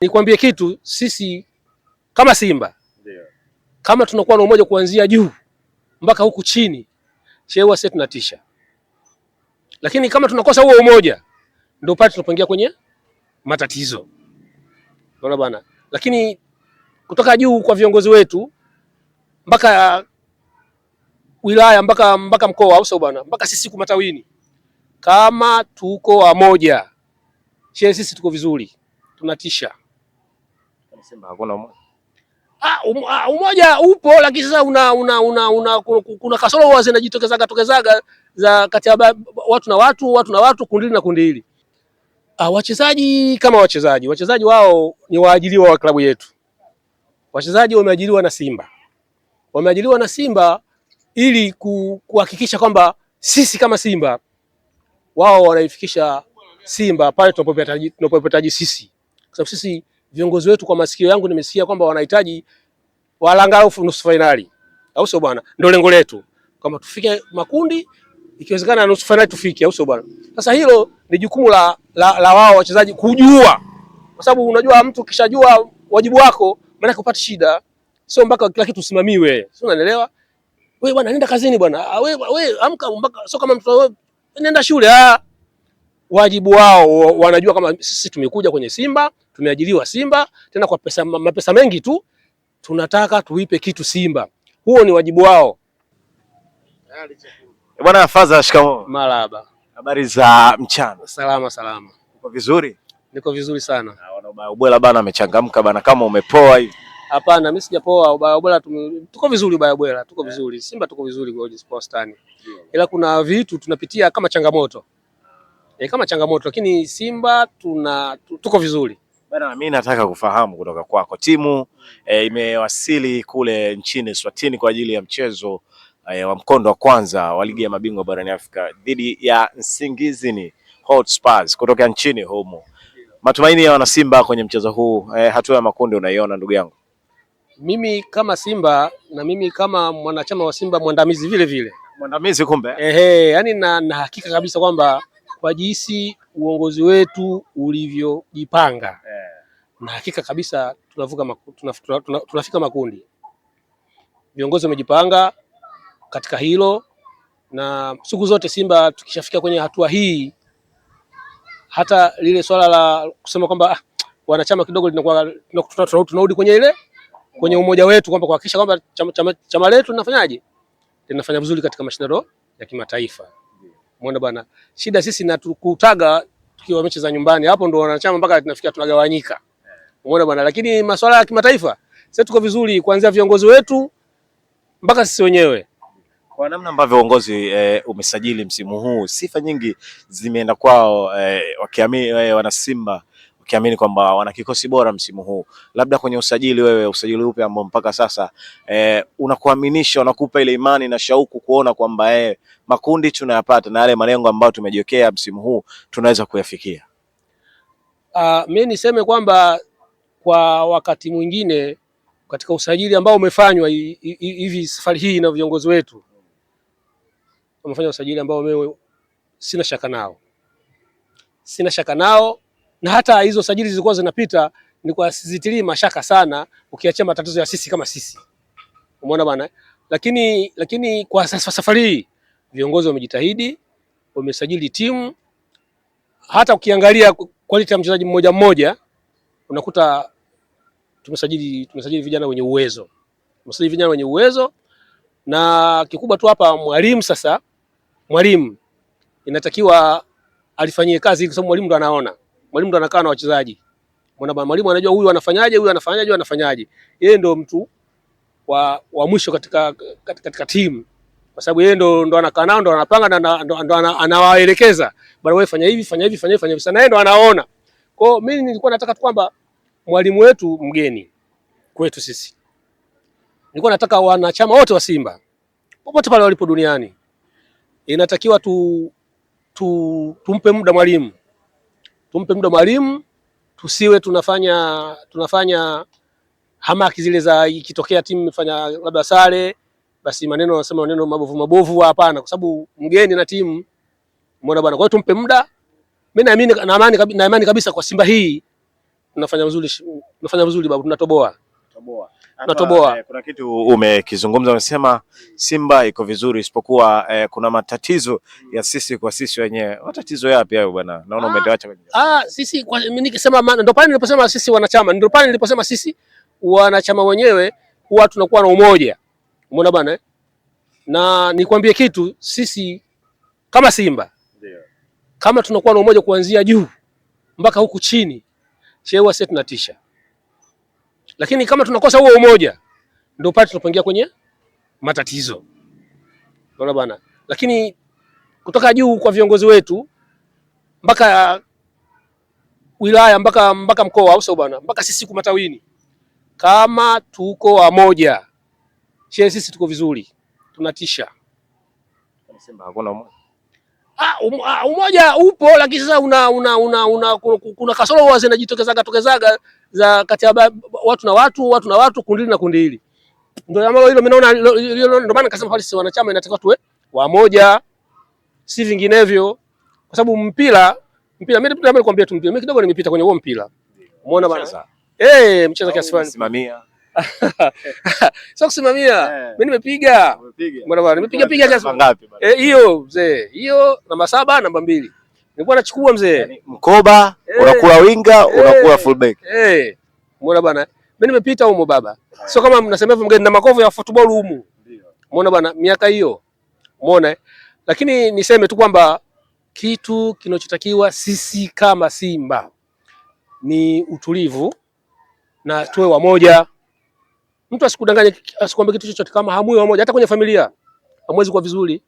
Nikwambie kitu, sisi kama Simba kama tunakuwa na umoja kuanzia juu mpaka huku chini, chewa sisi tunatisha, lakini kama tunakosa huo umoja, ndio pale tunapoingia kwenye matatizo. Unaona bwana, lakini kutoka juu kwa viongozi wetu mpaka wilaya mpaka mpaka mkoa, au sio bwana, mpaka sisi matawini kama tuko wamoja, chewa sisi tuko vizuri, tunatisha. Simba hakuna umoja. Ah, um, ah, umoja upo lakini sasa una, una, una, una kuna kasoro huwa zinajitokezaga tokezaga za kati ya watu na watu watu na watu kundi na kundi hili. Ah, wachezaji kama wachezaji wachezaji wao ni waajiriwa wa klabu yetu. Wachezaji wameajiriwa na Simba, wameajiriwa na Simba ili kuhakikisha kwamba sisi kama Simba wao wanaifikisha Simba pale tunapohitaji sisi, kwa sababu sisi viongozi wetu kwa masikio yangu nimesikia kwamba wanahitaji walangalau nusu fainali, au sio bwana? Ndio lengo letu kama tufike makundi, ikiwezekana nusu fainali tufike, au sio bwana? Sasa hilo ni jukumu la, la, la wao wachezaji kujua, kwa sababu unajua mtu kishajua wajibu wako, maana kupata shida sio mpaka kila kitu usimamiwe, sio? Unaelewa wewe bwana, nenda kazini bwana, ah, wewe amka, mpaka sio kama mtu wewe nenda shule ah wajibu wao, wanajua kama sisi tumekuja kwenye Simba, tumeajiriwa Simba tena kwa pesa, mapesa mengi tu, tunataka tuipe kitu Simba. Huo ni wajibu wao. Eh, bwana Faza, shikamoo. Marhaba. Habari za mchana? Salama salama. Uko vizuri? Niko vizuri sana. Ubwela ah, bana amechangamka bana, kama umepoa hivi. Hapana, mimi sijapoa. Ubaya bwela, tuko vizuri. Ubaya bwela, tuko yeah. vizuri. Simba tuko vizuri, kwa Sports Stani, ila kuna vitu tunapitia kama changamoto e, kama changamoto, lakini Simba tuna tuko vizuri bana. Mimi nataka kufahamu kutoka kwako timu e, imewasili kule nchini Swatini kwa ajili ya mchezo e, wa mkondo wa kwanza wa ligi ya mabingwa barani Afrika dhidi ya Nsingizini Hotspurs kutoka nchini humo. Matumaini ya wanasimba kwenye mchezo huu e, hatua ya makundi unaiona ndugu yangu? Mimi kama Simba na mimi kama mwanachama wa Simba mwandamizi vile vile mwandamizi kumbe, ehe, yani na, na hakika kabisa kwamba kwa jinsi uongozi wetu ulivyojipanga yeah. na hakika kabisa tunavuka maku, tunaf, tunaf, tunafika makundi. Viongozi wamejipanga katika hilo, na siku zote Simba tukishafika kwenye hatua hii, hata lile swala la kusema kwamba ah, wanachama kidogo linakuwa tunarudi kwenye ile kwenye umoja wetu kwamba kuhakikisha kwamba chama, chama, chama letu linafanyaje linafanya vizuri katika mashindano ya kimataifa. Umeona bwana, shida sisi natukutaga tukiwa mechi za nyumbani, hapo ndo wanachama mpaka tunafikia tunagawanyika. Umeona bwana, lakini masuala ya kimataifa sasa tuko vizuri, kuanzia viongozi wetu mpaka sisi wenyewe kwa namna ambavyo uongozi e, umesajili msimu huu, sifa nyingi zimeenda kwao e, eh, wakiamini e, eh, wanasimba ukiamini kwamba wana kikosi bora msimu huu. Labda kwenye usajili, wewe usajili upi ambao mpaka sasa eh, unakuaminisha unakupa ile imani na shauku kuona kwamba eh, makundi tunayapata na yale malengo ambayo tumejiwekea msimu huu tunaweza kuyafikia? Uh, mi niseme kwamba kwa wakati mwingine katika usajili ambao umefanywa hivi safari hii na viongozi wetu wamefanya usajili ambao mimi sina shaka nao, sina shaka nao na hata hizo sajili zilikuwa zinapita ni kwa sizitilii mashaka sana, ukiachia matatizo ya sisi kama sisi, umeona bwana. Lakini lakini kwa safari hii viongozi wamejitahidi, wamesajili timu. Hata ukiangalia quality ya mchezaji mmoja mmoja unakuta tumesajili tumesajili vijana wenye uwezo, tumesajili vijana wenye uwezo. Na kikubwa tu hapa mwalimu sasa, mwalimu inatakiwa alifanyie kazi, kwa sababu mwalimu ndo anaona Mwalimu ndo anakaa na wachezaji. Mwalimu anajua huyu anafanyaje, huyu anafanyaje, huyu anafanyaje. Yeye ndo mtu wa, wa mwisho katika, katika, katika timu kwa sababu yeye ndo ndo anakaa nao ndo anapanga na ndo ndo anawaelekeza, bwana wewe fanya hivi fanya hivi fanya hivi fanya hivi sana, yeye ndo anaona. Kwa hiyo mimi nilikuwa nataka tu kwamba mwalimu wetu mgeni kwetu sisi, nilikuwa nataka wanachama wote wa Simba popote pale walipo duniani, inatakiwa tu, tu, tumpe muda mwalimu tumpe muda mwalimu, tusiwe tunafanya tunafanya hamaki zile za ikitokea timu imefanya labda sare, basi maneno wanasema maneno mabovu mabovu. Hapana, kwa sababu mgeni na timu, umeona bwana. Kwa hiyo tumpe muda, mimi naamini na amani na imani kabisa kwa Simba hii tunafanya vizuri, tunafanya vizuri babu, tunatoboa toboa natoboa. Eh, kuna kitu umekizungumza, umesema Simba iko vizuri isipokuwa eh, kuna matatizo ya sisi kwa sisi wenyewe. Matatizo yapi hayo bwana? Naona ah. umeacha kwenye ah, sisi kwa mimi nikisema, ndio pale niliposema sisi wanachama, ndio pale niliposema sisi wanachama wenyewe huwa tunakuwa na umoja, umeona bwana eh? na nikwambie kitu, sisi kama Simba kama tunakuwa na umoja kuanzia juu mpaka huku chini, shewa sisi tunatisha. Lakini kama tunakosa huo umoja, ndio pale tunapoingia kwenye matatizo. Unaona bwana, lakini kutoka juu kwa viongozi wetu mpaka wilaya mpaka mpaka mkoa, au sio bwana, mpaka sisi kumatawini, kama tuko wamoja, she sisi tuko vizuri, tunatisha. Anasema hakuna umoja Ah, um, ah, umoja upo lakini sasa una, una, una, una kuna kasoro huwa zinajitokezaga tokezaga za kati ya watu na watu watu na watu kundi na kundi hili. Ndio ambalo hilo mimi naona ndio maana kasema pale sisi wanachama inatakiwa tuwe wamoja, si vinginevyo, kwa sababu mpira mpira, mimi ndio nimekwambia tu mpira, mimi kidogo nimepita kwenye huo mpira, umeona bwana? Sasa eh, mcheza kiasi fulani simamia sio kusimamia eh. mimi nimepiga bwana bwana nimepiga piga kiasi ngapi bwana? eh hiyo mzee hiyo namba saba namba mbili nilikuwa nachukua mzee yani, mkoba hey, eh. unakula winga hey, unakula fullback eh Hey. Eh. muona bwana mimi nimepita humo baba sio kama mnasema hivyo mgeni na makovu ya football Ndio. muona bwana miaka hiyo muona lakini niseme tu kwamba kitu kinachotakiwa sisi kama Simba ni utulivu na tuwe wamoja Mtu asikudanganye, asikwambie kitu chochote kama hamui wamoja. Hata kwenye familia hamwezi kwa vizuri,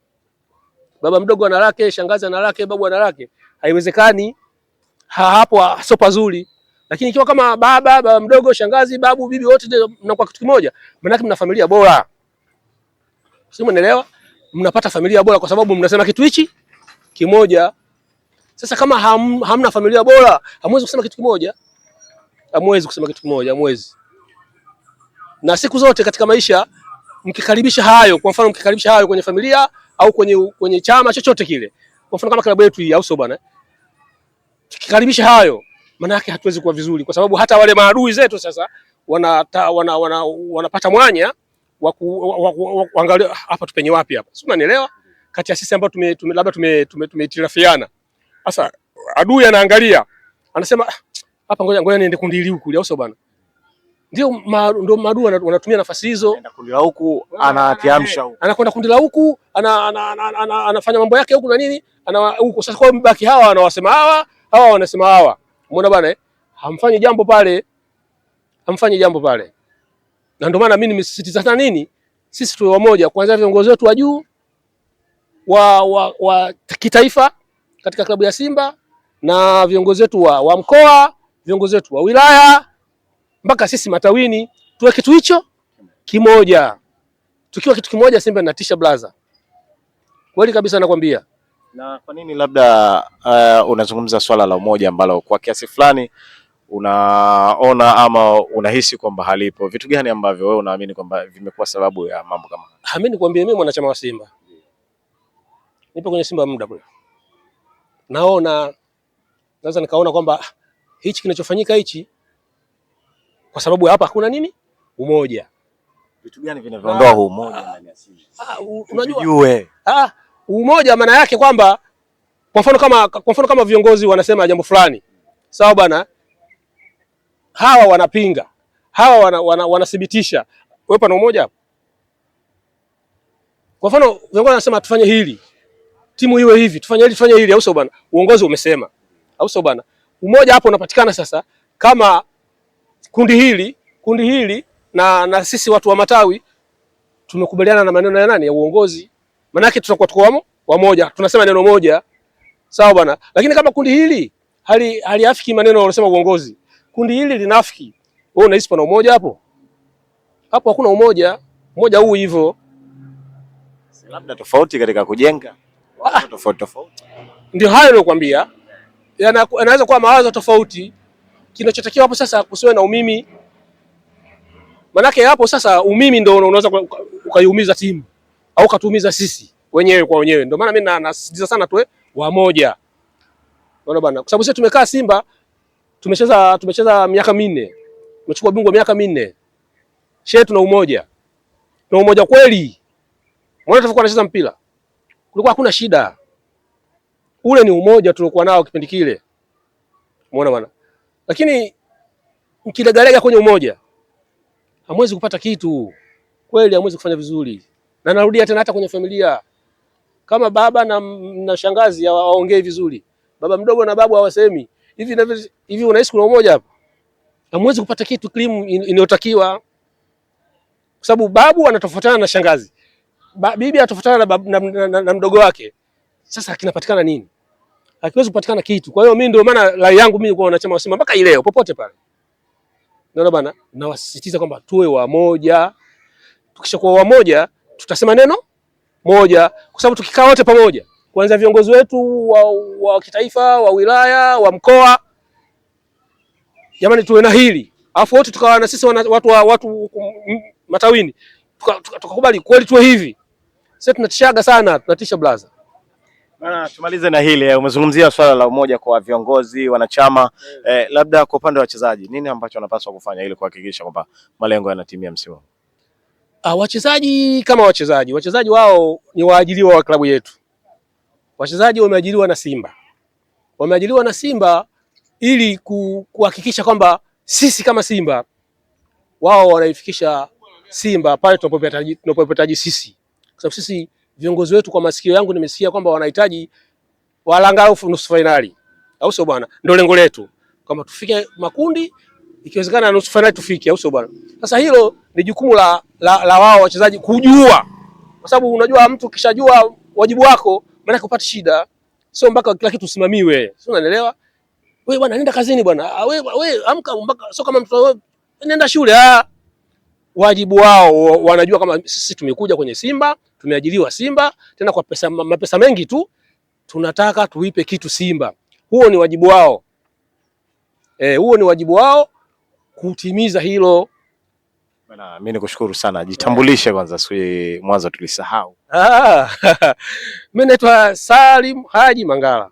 baba mdogo ana lake, shangazi ana lake, babu ana lake, haiwezekani. Hapo sio pazuri. Lakini ikiwa kama baba, baba mdogo, shangazi, babu, bibi, wote mnakuwa kitu kimoja, maana yake mna familia bora. Sio, mnaelewa? Mnapata familia bora kwa sababu mnasema kitu hichi kimoja. Sasa kama ham, hamna familia bora, hamwezi kusema kitu kimoja, hamwezi kusema kitu kimoja, hamwezi na siku zote katika maisha mkikaribisha hayo, kwa mfano mkikaribisha hayo kwenye familia au kwenye, kwenye chama chochote kile, kwa mfano kama klabu yetu hii au sio bwana, tukikaribisha hayo, maana yake hatuwezi kuwa vizuri, kwa sababu hata wale maadui zetu sasa wanapata wana, wana, wana, wana mwanya wa kuangalia ah, hapa tupenye wapi hapa, si unanielewa? Kati ya sisi ambao tume, tume, labda tumetirafiana tume, tume sasa, adui anaangalia anasema ah, hapa, ngoja ngoja niende kundi hili huku au sio bwana ndio ndio maadui wanatumia nafasi hizo, anaenda kundi la huku anatiamsha huku, anakwenda kundi la huku anafanya mambo yake huku na nini ana huku. Sasa kwa mbaki hawa anawasema hawa hawa wanasema hawa, umeona bwana, eh? hamfanyi jambo pale, hamfanyi jambo pale. Na ndio maana mimi nimesisitiza sana nini, sisi tuwe wamoja, kwanza viongozi wetu wa juu wa, wa, wa kitaifa katika klabu ya Simba na viongozi wetu wa, wa mkoa, viongozi wetu wa wilaya mpaka sisi matawini tuwe kitu hicho kimoja. Tukiwa kitu kimoja, Simba inatisha blaza, kweli kabisa, nakwambia. Na kwa nini labda uh, unazungumza swala la umoja ambalo kwa kiasi fulani unaona ama unahisi kwamba halipo? Vitu gani ambavyo wewe unaamini kwamba vimekuwa sababu ya mambo kama haya? Amini nikwambie, mimi mwanachama wa Simba, nipo kwenye Simba muda kule, naona naweza nikaona kwamba ah, hichi kinachofanyika hichi kwa sababu hapa hakuna nini umoja. Vitu gani vinavyoondoa huu umoja ah, ndani ya sisi? Ah, ah, unajua ah, umoja maana yake kwamba kwa mfano kama kwa mfano kama viongozi wanasema jambo fulani, sawa bwana, hawa wanapinga, hawa wana, wana, wanathibitisha, wewe pana umoja hapo. Kwa mfano viongozi wanasema tufanye hili, timu iwe hivi, tufanye hili, tufanye hili, au sio bwana? Uongozi umesema, au sio bwana? Umoja hapo unapatikana sasa kama kundi hili kundi hili na, na sisi watu wa matawi tumekubaliana na maneno ya nani ya uongozi, manake tutakuwa tuko wamoja, tunasema neno moja, sawa bwana. Lakini kama kundi hili hali haliafiki maneno walosema uongozi, kundi hili linafiki, wewe unahisi pana umoja hapo? Hapo hakuna umoja, umoja huu hivyo, labda tofauti katika kujenga ah. tofauti tofauti, ndio hayo nilikwambia, yanaweza kuwa mawazo tofauti kinachotakiwa hapo sasa kusiwe na umimi, manake hapo sasa umimi ndio unaweza ukaiumiza timu au katuumiza sisi wenyewe kwa wenyewe. Ndio maana mimi nasisitiza sana tuwe wamoja, unaona bwana, kwa sababu sisi tumekaa Simba tumecheza tumecheza miaka minne, tumechukua bingwa miaka minne. Shehe, tuna umoja, na umoja kweli. Mbona tulikuwa tunacheza mpira, kulikuwa hakuna shida. Ule ni umoja tuliokuwa nao kipindi kile, umeona bwana. Lakini mkilegalega kwenye umoja hamwezi kupata kitu kweli, hamwezi kufanya vizuri. Na narudia tena, hata kwenye familia kama baba na, na shangazi hawaongei vizuri, baba mdogo na babu hawasemi hivi na hivi, unahisi kuna umoja hapo? Hamwezi kupata kitu klimu inayotakiwa kwa sababu babu anatofautana na shangazi ba, bibi anatofautana na, na, na, na, na mdogo wake. Sasa kinapatikana nini? hakiwezi kupatikana kitu. Kwa hiyo mimi ndio maana rai yangu mimi kwa wanachama wa Simba mpaka ileo popote pale, naona bana, nawasisitiza kwamba tuwe wamoja. Tukishakuwa wamoja, tutasema neno moja, kwa sababu tukikaa wote pamoja, kuanzia viongozi wetu wa, wa kitaifa, wa wilaya, wa mkoa, jamani, tuwe na hili alafu wote tukawa na sisi wana, watu, wa watu matawini tukakubali tuka, tuka kweli tuwe hivi. Sasa tunatishaga sana, tunatisha blaza Bana, tumalize na hili. Eh, umezungumzia swala la umoja kwa viongozi wanachama, mm. eh, labda kwa upande wa wachezaji, nini ambacho wanapaswa kufanya ili kuhakikisha kwamba malengo yanatimia msimu? Ah, wachezaji kama wachezaji, wachezaji wao ni waajiriwa wa klabu yetu. Wachezaji wameajiriwa na Simba, wameajiriwa na Simba ili kuhakikisha kwamba sisi kama Simba wao wanaifikisha Simba pale tunapopataji sisi, kwa sababu sisi viongozi wetu kwa masikio yangu nimesikia kwamba wanahitaji walanga nusu fainali, au sio bwana? Ndio lengo letu kwamba tufike makundi, ikiwezekana nusu fainali tufike, au sio bwana? Sasa hilo ni jukumu la, la, la wao wachezaji kujua, kwa sababu unajua mtu kishajua wajibu wako, maana kupata shida sio mpaka kila kitu usimamiwe, sio? Unaelewa wewe bwana, nenda kazini bwana, ah, wewe amka, mpaka sio kama mtoto wewe nenda shule ah wajibu wao, wanajua kama sisi tumekuja kwenye Simba, tumeajiriwa Simba, tena kwa pesa, mapesa mengi tu, tunataka tuipe kitu Simba. Huo ni wajibu wao e, huo ni wajibu wao kutimiza hilo. Bana, mimi nikushukuru sana, jitambulishe kwanza, si mwanzo tulisahau. Ah, mimi naitwa Salim Haji Mangala.